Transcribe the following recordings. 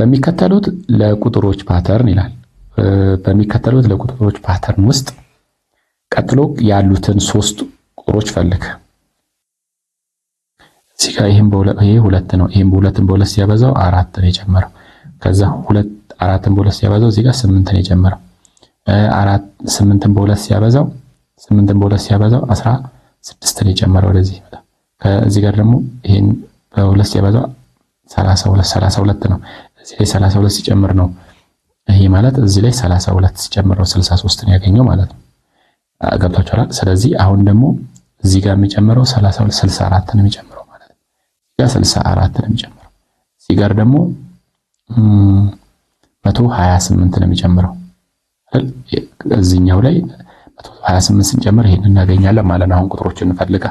በሚከተሉት ለቁጥሮች ፓተርን ይላል። በሚከተሉት ለቁጥሮች ፓተርን ውስጥ ቀጥሎ ያሉትን ሶስት ቁጥሮች ፈልግ። እዚህ ጋር ይሄ ሁለት ነው። ይሄም ሁለትን በሁለት ሲያበዛው አራት ነው የጨመረው። ከዛ ሁለት አራትን በሁለት ሲያበዛው እዚህ ጋር ስምንት ነው የጨመረው። አራት ስምንትን በሁለት ሲያበዛው ስምንትን በሁለት ሲያበዛው አስራ ስድስት ነው የጨመረው ወደዚህ። ከዚህ ጋር ደግሞ ይሄን በሁለት ሲያበዛው ሰላሳ ሁለት ነው። እዚህ ላይ 32 ሲጨምር ነው ይሄ ማለት እዚህ ላይ 32 ሲጨምር ነው 63 ነው ያገኘው ማለት ነው። ገብቷችኋል? ስለዚህ አሁን ደግሞ እዚህ ጋር የሚጨምረው 32 64 ነው የሚጨምረው ማለት ነው። እዚህ ጋር 64 ነው የሚጨምረው። እዚህ ጋር ደግሞ 128 ነው የሚጨምረው አይደል? እዚህኛው ላይ 128 ስንጨምር ይሄን እናገኛለን ማለት ነው። አሁን ቁጥሮችን እንፈልጋ።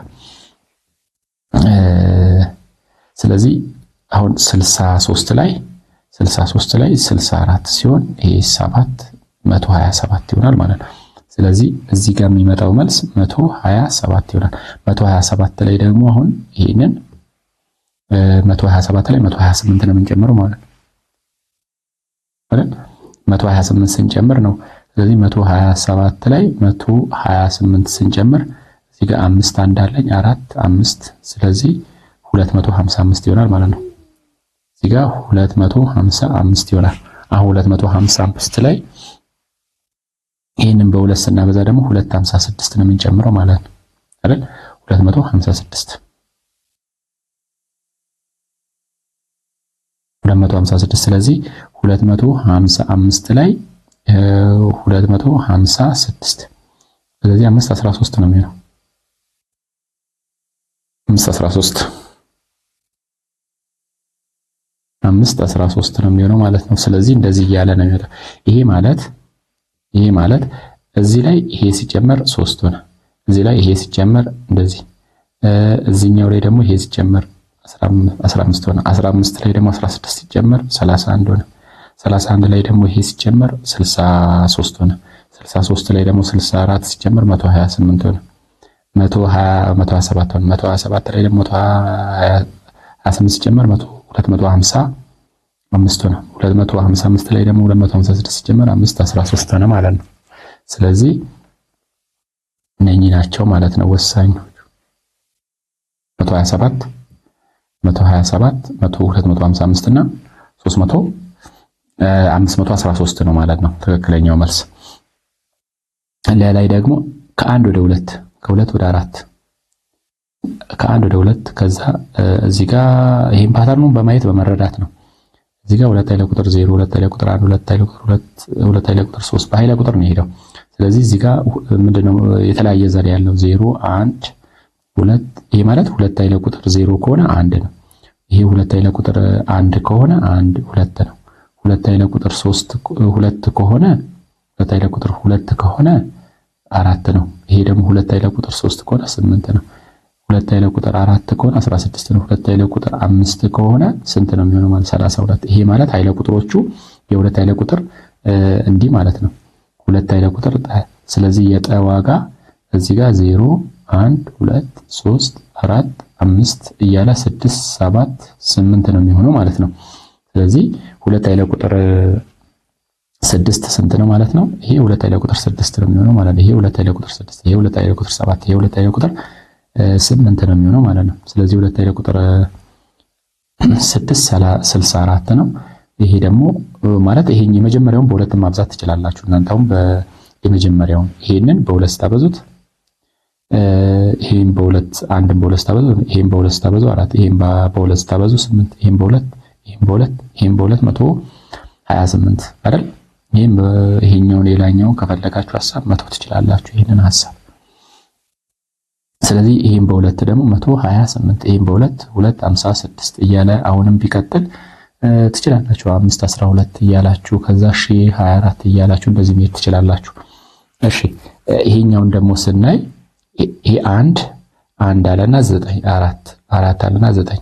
ስለዚህ አሁን 63 ላይ 63 ላይ 64 ሲሆን ይሄ 7 127 ይሆናል ማለት ነው። ስለዚህ እዚህ ጋር የሚመጣው መልስ 127 ይሆናል። 127 ላይ ደግሞ አሁን ይሄንን 127 ላይ 128 ነው የምንጨምረው ማለት ነው 128 ስንጨምር ነው። ስለዚህ 127 ላይ 128 ስንጨምር እዚህ ጋር አምስት አንድ አለኝ አራት አምስት ስለዚህ 255 ይሆናል ማለት ነው። እዚህ ጋር 255 ይሆናል። አሁን 255 ላይ ይህንን በሁለት ስናበዛ ደግሞ 256 ነው የምንጨምረው ማለት ነው አይደል? 256 256 ስለዚህ 255 ላይ 256 ስለዚህ 5 13 ነው የሚሆነው 5 13 አምስት አስራ ሶስት ነው የሚሆነው ማለት ነው። ስለዚህ እንደዚህ እያለ ነው የሚወጣው። ይሄ ማለት ይሄ ማለት እዚህ ላይ ይሄ ሲጨመር ሶስት ሆነ። እዚ ላይ ይሄ ሲጨመር እንደዚህ እዚህኛው ላይ ደግሞ ይሄ ሲጨመር 15 ሆነ። 15 ላይ ደግሞ 16 ሲጨመር 31 ሆነ። 31 ላይ ደግሞ ይሄ ሲጨመር 63 ሆነ። 63 ላይ ደግሞ 64 ሲጨመር 128 ሆነ። 127 ሆነ። 127 ላይ ደግሞ 28 ሲጨመር 250 አምስቱ ነው 255 ላይ ደግሞ 256 ሲጨመር 5 13 ነው ማለት ነው። ስለዚህ እነኚህ ናቸው ማለት ነው ወሳኞቹ 127 127 255 እና 300 513 ነው ማለት ነው ትክክለኛው መልስ። ለላይ ደግሞ ከአንድ ወደ ሁለት ከሁለት ወደ አራት ከአንድ ወደ ሁለት ከዛ እዚህ ጋር ይሄን ፓተርኑን በማየት በመረዳት ነው። እዚህ ጋር ሁለት ኃይለ ቁጥር ዜሮ፣ ሁለት ኃይለ ቁጥር አንድ፣ ሁለት ኃይለ ቁጥር ሁለት፣ ሁለት ኃይለ ቁጥር ሶስት በኃይለ ቁጥር ነው የሄደው። ስለዚህ እዚህ ጋር ምንድነው የተለያየ ዘር ያለው ዜሮ፣ አንድ፣ ሁለት። ይሄ ማለት ሁለት ኃይለ ቁጥር ዜሮ ከሆነ አንድ ነው። ይሄ ሁለት ኃይለ ቁጥር አንድ ከሆነ አንድ ሁለት ነው። ሁለት ኃይለ ቁጥር ሶስት ሁለት ከሆነ ሁለት ኃይለ ቁጥር ሁለት ከሆነ አራት ነው። ይሄ ደግሞ ሁለት ኃይለ ቁጥር ሶስት ከሆነ ስምንት ነው። ሁለት ኃይለ ቁጥር አራት ከሆነ 16 ነው። ሁለት ኃይለ ቁጥር አምስት ከሆነ ስንት ነው የሚሆነው? ማለት 32። ይሄ ማለት ኃይለ ቁጥሮቹ የሁለት ኃይለ ቁጥር እንዲህ ማለት ነው። ሁለት ኃይለ ቁጥር ስለዚህ የጠ ዋጋ እዚህ ጋር 0 1 2 3 4 5 እያለ 6 7 8 ነው የሚሆነው ማለት ነው። ስለዚህ ሁለት ኃይለ ቁጥር ስድስት ስንት ነው ማለት ነው? ይሄ ሁለት ኃይለ ቁጥር ስድስት ነው የሚሆነው ማለት ነው። ይሄ ሁለት ኃይለ ቁጥር ስድስት ይሄ ሁለት ኃይለ ቁጥር ሰባት ይሄ ሁለት ኃይለ ቁጥር ስምንት ነው የሚሆነው ማለት ነው። ስለዚህ ሁለት አይደል ቁጥር ስድስት ስልሳ አራት ነው። ይሄ ደግሞ ማለት ይሄን የመጀመሪያውን በሁለት ማብዛት ትችላላችሁ እናንተ አሁን የመጀመሪያውን ይሄንን በሁለት ስታበዙት ይሄን በሁለት አንድን በሁለት ስታበዙ ይሄን በሁለት ስታበዙ አራት ይሄን በሁለት ስታበዙ ስምንት ይሄን በሁለት ይሄን በሁለት ይሄን በሁለት መቶ ሀያ ስምንት አይደል? ይሄን ይሄኛውን ሌላኛውን ከፈለጋችሁ ሀሳብ መቶ ትችላላችሁ ይሄንን ሀሳብ ስለዚህ ይህም በሁለት ደግሞ 128 ይህም በሁለት 256 እያለ አሁንም ቢቀጥል ትችላላችሁ። 512 እያላችሁ ከዛ 24 እያላችሁ እንደዚህ መሄድ ትችላላችሁ። እሺ ይሄኛውን ደግሞ ስናይ ይሄ አንድ አንድ አለና ዘጠኝ አራት አራት አለና ዘጠኝ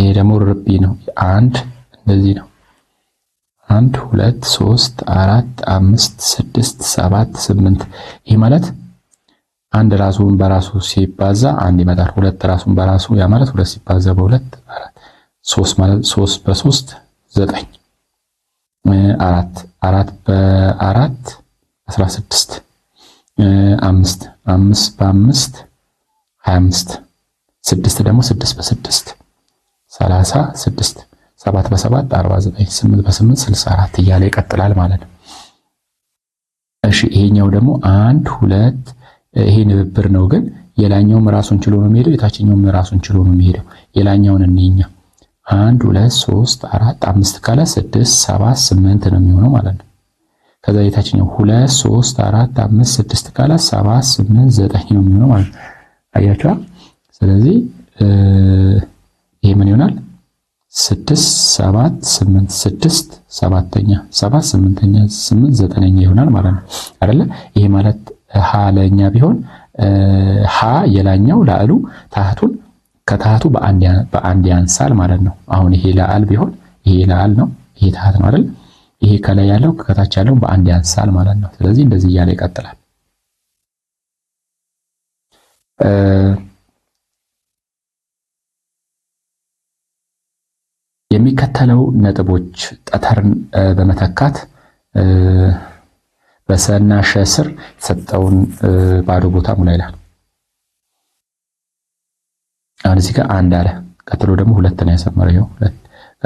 ይሄ ደግሞ ርቢ ነው። አንድ እንደዚህ ነው። አንድ ሁለት ሶስት አራት አምስት ስድስት ሰባት ስምንት። ይህ ማለት አንድ ራሱን በራሱ ሲባዛ አንድ ይመጣል። ሁለት ራሱን በራሱ ያ ማለት ሁለት ሲባዛ በሁለት አራት፣ ሶስት ማለት ሶስት በሶስት ዘጠኝ፣ አራት አራት በአራት አስራ ስድስት፣ አምስት አምስት በአምስት ሀያ አምስት፣ ስድስት ደግሞ ስድስት በስድስት ሰላሳ ስድስት ሰባት በ7 49 8 በ8 64 እያለ ይቀጥላል ማለት ነው። እሺ ይሄኛው ደግሞ አንድ ሁለት ይሄ ንብብር ነው፣ ግን የላኛውም ራሱን ችሎ ነው የሚሄደው፣ የታችኛውም ራሱን ችሎ ነው የሚሄደው። የላኛውን እንኛ አንድ ሁለት ሶስት አራት አምስት ካለ ስድስት ሰባት ስምንት ነው የሚሆነው ማለት ነው። ከዛ የታችኛው ሁለት ሶስት አራት አምስት ስድስት ካለ ሰባት ስምንት ዘጠኝ ነው የሚሆነው ማለት ነው። አያችኋል። ስለዚህ ይሄ ምን ይሆናል? ስድስት ሰባት ስምንት ስድስት ሰባተኛ ሰባት ስምንተኛ ስምንት ዘጠነኛ ይሆናል ማለት ነው አይደለ? ይሄ ማለት ሀ ለእኛ ቢሆን ሀ የላኛው ላዕሉ ታህቱን ከታህቱ በአንድ ያንሳል ማለት ነው። አሁን ይሄ ላዕል ቢሆን ይሄ ላዕል ነው፣ ይሄ ታህት ነው አይደል? ይሄ ከላይ ያለው ከታች ያለው በአንድ ያንሳል ማለት ነው። ስለዚህ እንደዚህ እያለ ይቀጥላል። የሚከተለው ነጥቦች ጠተርን በመተካት በሰና ሸ ስር የተሰጠውን ባዶ ቦታ ሙላ ይላል። አሁን እዚህ ጋር አንድ አለ። ቀጥሎ ደግሞ ሁለት ነው ያሰመረው። ይኸው ሁለት፣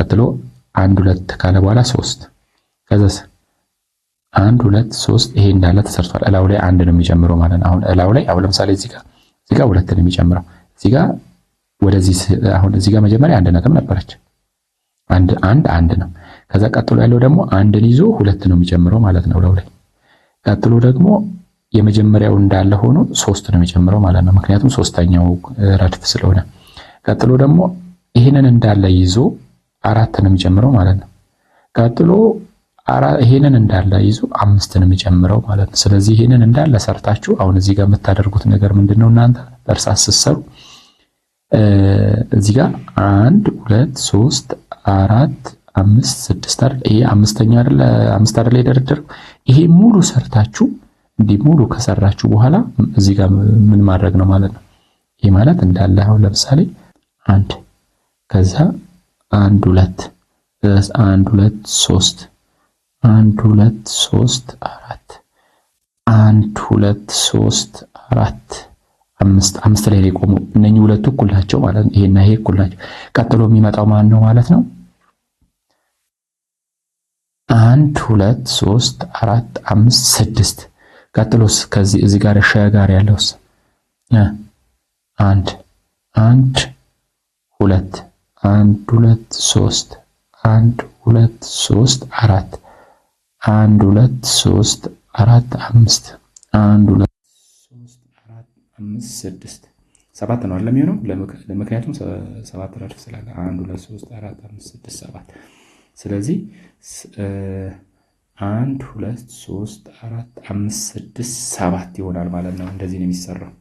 ቀጥሎ አንድ ሁለት ካለ በኋላ ሶስት፣ ከዛስ አንድ ሁለት ሶስት። ይሄ እንዳለ ተሰርቷል። እላው ላይ አንድ ነው የሚጨምረው ማለት ነው። አሁን እላው ላይ አሁን ለምሳሌ እዚህ ጋር እዚህ ጋር ሁለት ነው የሚጨምረው። እዚህ ጋር ወደዚህ አሁን እዚህ ጋር መጀመሪያ አንድ ነጥብ ነበረች። አንድ አንድ አንድ ነው። ከዛ ቀጥሎ ያለው ደግሞ አንድን ይዞ ሁለት ነው የሚጨምረው ማለት ነው ለው ላይ። ቀጥሎ ደግሞ የመጀመሪያው እንዳለ ሆኖ ሶስት ነው የሚጨምረው ማለት ነው፣ ምክንያቱም ሶስተኛው ረድፍ ስለሆነ። ቀጥሎ ደግሞ ይህንን እንዳለ ይዞ አራት ነው የሚጨምረው ማለት ነው። ቀጥሎ ይሄንን እንዳለ ይዞ አምስት ነው የሚጨምረው ማለት ነው። ስለዚህ ይሄንን እንዳለ ሰርታችሁ አሁን እዚህ ጋር የምታደርጉት ነገር ምንድነው? እናንተ በእርሳስ ስትሰሩ እዚህ ጋር አንድ ሁለት ሶስት አራት አምስት ስድስት አይደል? ይሄ አምስተኛ አይደል? አምስት አይደል የደረደረው። ይሄ ሙሉ ሰርታችሁ እንዲህ ሙሉ ከሰራችሁ በኋላ እዚህ ጋር ምን ማድረግ ነው ማለት ነው። ይሄ ማለት እንዳለ አሁን ለምሳሌ አንድ ከዛ አንድ ሁለት አንድ ሁለት ሶስት አንድ ሁለት ሶስት አራት አንድ ሁለት ሶስት አራት አምስት አምስት ላይ ነው የቆመው። እነኚህ ሁለቱ እኩል ናቸው ማለት ነው። ይሄና ይሄ እኩል ናቸው። ቀጥሎ የሚመጣው ማን ነው ማለት ነው? አንድ ሁለት ሶስት አራት አምስት ስድስት ቀጥሎስ ከዚህ እዚህ ጋር ሸ ጋር ያለውስ አንድ አንድ ሁለት አንድ ሁለት ሶስት አንድ ሁለት ሶስት አራት አንድ ሁለት ሶስት አራት አምስት አንድ ሁለት ሶስት አራት አምስት ስድስት ሰባት ነው አይደል የሚሆነው? ለምክንያቱም ሰባት ረድፍ ስላለ አንድ ሁለት ሶስት አራት አምስት ስድስት ሰባት ስለዚህ አንድ ሁለት ሶስት አራት አምስት ስድስት ሰባት ይሆናል ማለት ነው። እንደዚህ ነው የሚሰራው።